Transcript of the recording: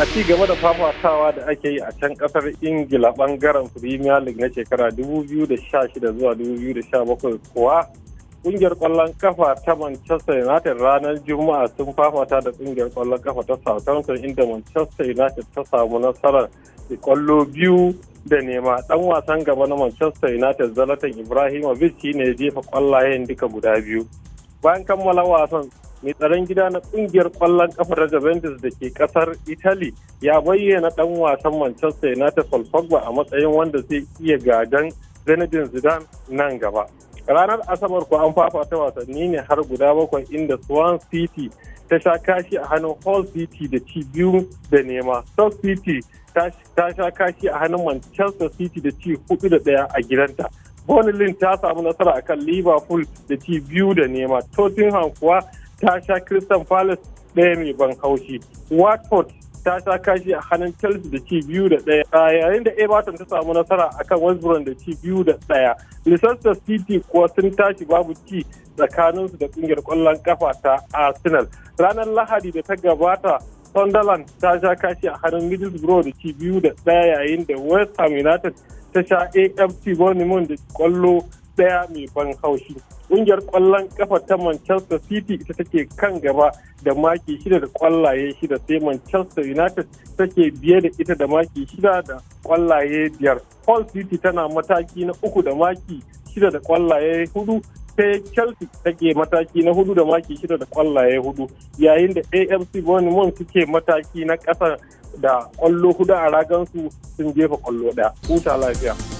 a ci gaba da fafatawa da ake yi a can kasar ingila bangaren premier league na shekara 2016 zuwa 2017 kuwa kungiyar kwallon kafa ta manchester united ranar juma'a sun fafata da kungiyar kwallon kafa ta southampton inda manchester united ta samu nasarar kwallo biyu da nema dan wasan gaba na manchester united zalatan ibrahimovic shine jefa kwallayen duka guda biyu bayan kammala wasan mai tsaron gida na kungiyar kwallon kafar Juventus da ke kasar Italy ya bayyana dan wasan Manchester United Paul Pogba a matsayin wanda zai iya gadan Zinedine Zidane nan gaba. Ranar Asabar ko an fafata wasanni ne har guda bakwai inda Swan City ta sha kashi a hannun Hull City da ci biyu da nema. South City ta sha kashi a hannun Manchester City da ci hudu da daya a gidanta. Burnley ta samu nasara a kan Liverpool da ci biyu da nema. Tottenham kuwa ta sha Crystal Palace ɗaya mai ban haushi. Watford ta sha kashi a hannun Chelsea da ci biyu da ɗaya. Yayin da Everton ta samu nasara akan West Brom da ci biyu da ɗaya. Leicester City kuwa sun tashi babu ci tsakaninsu da ƙungiyar ƙwallon kafa ta Arsenal. Ranar Lahadi da ta gabata Sunderland ta sha kashi a hannun Middlesbrough da ci biyu da ɗaya yayin da West Ham United ta sha AFC Bournemouth da kwallo ɗaya mai ban haushi. Ƙungiyar ƙwallon ƙafa ta Manchester City ita take kan gaba da maki shida da ƙwallaye shida sai Manchester United take biye da ita da maki shida da ƙwallaye biyar. Hull City tana mataki na uku da maki shida da ƙwallaye hudu sai Chelsea take mataki na hudu da maki shida da ƙwallaye hudu yayin da AFC Bournemouth suke mataki na ƙasa da ƙwallo hudu a ragansu sun jefa ƙwallo ɗaya. Huta lafiya.